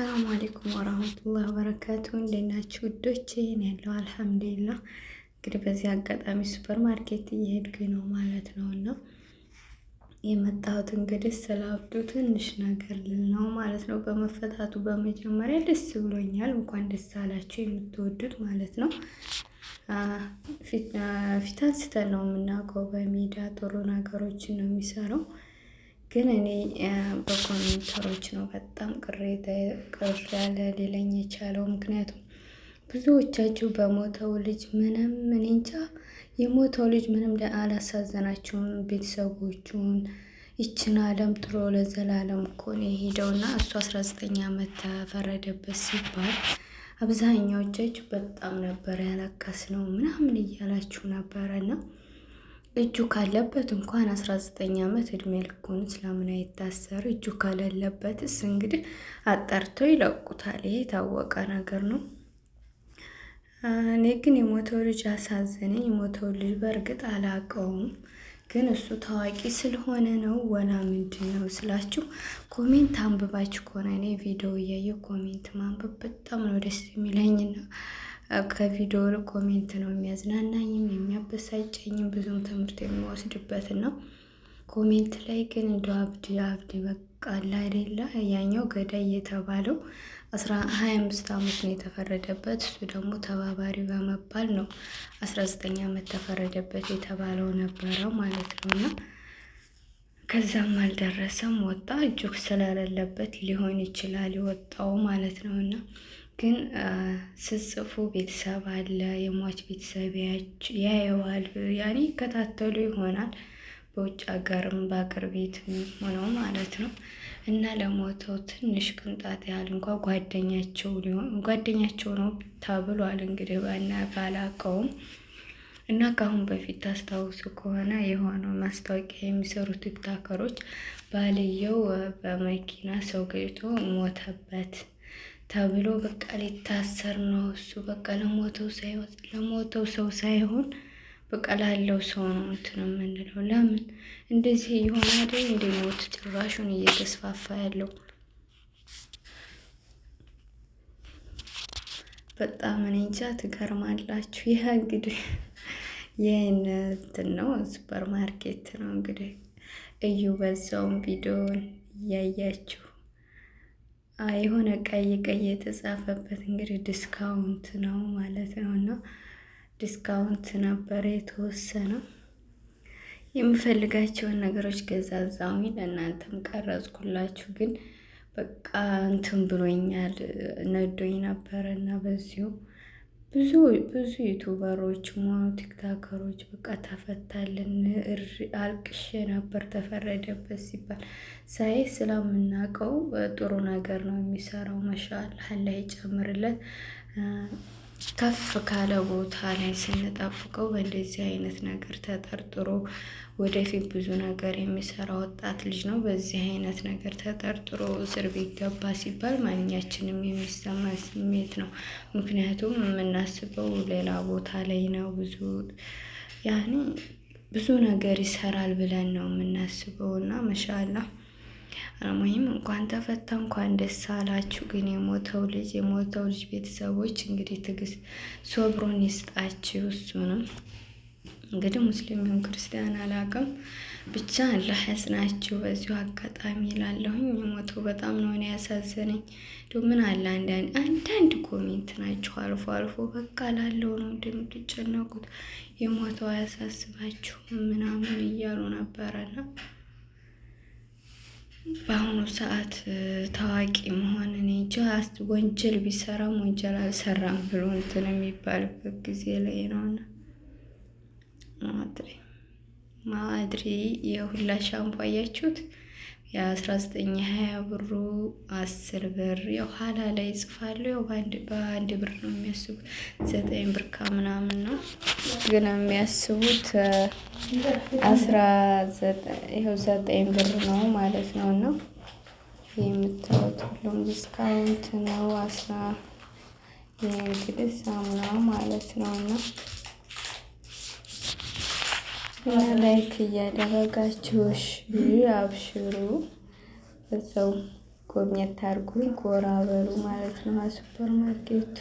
አሰላሙ አሌይኩም ወራህመቱላህ ወበረካቱ እንዴት ናችሁ ውዶቼ? እኔ ያለው አልሐምዱሊላ። እንግዲህ በዚህ አጋጣሚ ሱፐር ማርኬት እየሄድኩኝ ነው ማለት ነው እና የመጣሁት እንግዲህ ስለ አብዱ ትንሽ ነገር ልል ነው ማለት ነው። በመፈታቱ በመጀመሪያ ደስ ብሎኛል። እንኳን ደስ አላችሁ የምትወዱት ማለት ነው። ፊት አንስተን ነው የምናውቀው። በሜዳ ጥሩ ነገሮችን ነው የሚሰራው ግን እኔ በኮሜንተሮች ነው በጣም ቅሬታ ቅር ያለ ሌለኝ የቻለው ምክንያቱም ብዙዎቻችሁ በሞተው ልጅ ምንም እኔ እንጃ የሞተው ልጅ ምንም አላሳዘናችሁም። ቤተሰቦቹን ይችን ዓለም ጥሎ ለዘላለም እኮ ነው የሄደውና እሱ አስራ ዘጠኝ ዓመት ተፈረደበት ሲባል አብዛኛዎቻችሁ በጣም ነበር ያለቀስ ነው ምናምን እያላችሁ ነው። እጁ ካለበት እንኳን 19 ዓመት እድሜ ልኩን ስለምን አይታሰር? እጁ ካለለበትስ እንግዲህ አጣርቶ ይለቁታል። ይሄ የታወቀ ነገር ነው። እኔ ግን የሞተው ልጅ አሳዘነኝ። የሞተው ልጅ በእርግጥ አላቀውም፣ ግን እሱ ታዋቂ ስለሆነ ነው ወላ ምንድን ነው ስላችሁ ኮሜንት አንብባችሁ ከሆነ እኔ ቪዲዮ እያየሁ ኮሜንት ማንበብ በጣም ነው ደስ የሚለኝና ከቪዲዮ ኮሜንት ነው የሚያዝናናኝም የሚያበሳጨኝም ብዙም ትምህርት የሚወስድበት ነው። ኮሜንት ላይ ግን እንደ አብድ አብድ በቃላ አይደለ ያኛው ገዳይ የተባለው አስራ ሀያ አምስት ዓመት ነው የተፈረደበት። እሱ ደግሞ ተባባሪ በመባል ነው አስራ ዘጠኝ ዓመት ተፈረደበት የተባለው ነበረው ማለት ነው። እና ከዛም አልደረሰም ወጣ። እጁግ ስለሌለበት ሊሆን ይችላል የወጣው ማለት ነው እና ግን ስጽፉ ቤተሰብ አለ፣ የሟች ቤተሰብ ያየዋል፣ ያኔ ይከታተሉ ይሆናል። በውጭ ሀገርም በአገር ቤት ሆነው ማለት ነው እና ለሞተው ትንሽ ቅንጣት ያህል እንኳ ጓደኛቸው ሊሆን ጓደኛቸው ነው ተብሏል። እንግዲህ ባና ባላቀውም እና ከአሁን በፊት ታስታውሱ ከሆነ የሆነው ማስታወቂያ የሚሰሩ ቲክታከሮች ባልየው በመኪና ሰው ገጭቶ ሞተበት ተብሎ በቃ ሊታሰር ነው እሱ በቃ ለሞተው ሳይሆን ለሞተው ሰው ሳይሆን በቃ ላለው ሰው ነው እንትን የምንለው። ለምን እንደዚህ የሆነ አይደል እንደ ሞት ጭራሹን እየተስፋፋ ያለው በጣም እኔ እንጃ ትገርማላችሁ። ይህ እንግዲህ ይህን እንትን ነው ሱፐር ማርኬት ነው እንግዲህ እዩ በዛውን ቪዲዮን እያያችሁ የሆነ ቀይ ቀይ የተጻፈበት እንግዲህ ዲስካውንት ነው ማለት ነው። እና ዲስካውንት ነበረ የተወሰነ የምፈልጋቸውን ነገሮች ገዛዛሁኝ። ለእናንተም ቀረጽኩላችሁ፣ ግን በቃ እንትን ብሎኛል፣ ነዶኝ ነበረ እና በዚሁ ብዙ ብዙ ዩቱበሮች ሆኑ ቲክታከሮች በቃ ተፈታልን። አልቅሼ ነበር ተፈረደበት ሲባል ሳይ ስለምናውቀው ጥሩ ነገር ነው የሚሰራው። መሻል ላይ ይጨምርለት። ከፍ ካለ ቦታ ላይ ስንጠብቀው በእንደዚህ አይነት ነገር ተጠርጥሮ ወደፊት ብዙ ነገር የሚሰራ ወጣት ልጅ ነው። በዚህ አይነት ነገር ተጠርጥሮ እስር ቤት ገባ ሲባል ማንኛችንም የሚሰማ ስሜት ነው። ምክንያቱም የምናስበው ሌላ ቦታ ላይ ነው። ብዙ ያኔ ብዙ ነገር ይሰራል ብለን ነው የምናስበው እና መሻላ አልሙሂም እንኳን ተፈታ እንኳን ደስ አላችሁ። ግን የሞተው ልጅ የሞተው ልጅ ቤተሰቦች እንግዲህ ትዕግስት ሶብሮን ይስጣችሁ። እሱንም እንግዲህ ሙስሊም ይሁን ክርስቲያን አላቅም፣ ብቻ አላህ ያጽናችሁ። በዚሁ አጋጣሚ ላለሁኝ የሞተው በጣም ነው እኔ ያሳዘነኝ። እንዲሁ ምን አለ አንዳንድ አንዳንድ ኮሜንት ናችሁ አልፎ አልፎ በቃ ላለው ነው እንደምትጨነቁት የሞተው አያሳስባችሁም ምናምን እያሉ ነበረና በአሁኑ ሰዓት ታዋቂ መሆን እኔ እንጃ። ወንጀል ቢሰራም ወንጀል አልሰራም ብሎ እንትን የሚባልበት ጊዜ ላይ ነውና ማድሬ ማድሬ የሁላ ሻምፖ አያችሁት። የ19 20 ብሩ አስር ብር የኋላ ላይ ጽፋለሁ። ያው በአንድ ብር ነው የሚያስቡት። ዘጠኝ ብር ከምናምን ነው ግን የሚያስቡት አስራ ይኸው ዘጠኝ ብር ነው ማለት ነው እና የምታወት ሁሉም ዲስካውንት ነው። አስራ ይህ እንግዲህ ሳሙና ማለት ነው እና ላይክ እያደረጋችሁሽ አብሽሩ። እዛው ጎብኘት አድርጉ፣ ጎራ በሉ ማለት ነው። ሱፐር ማርኬቱ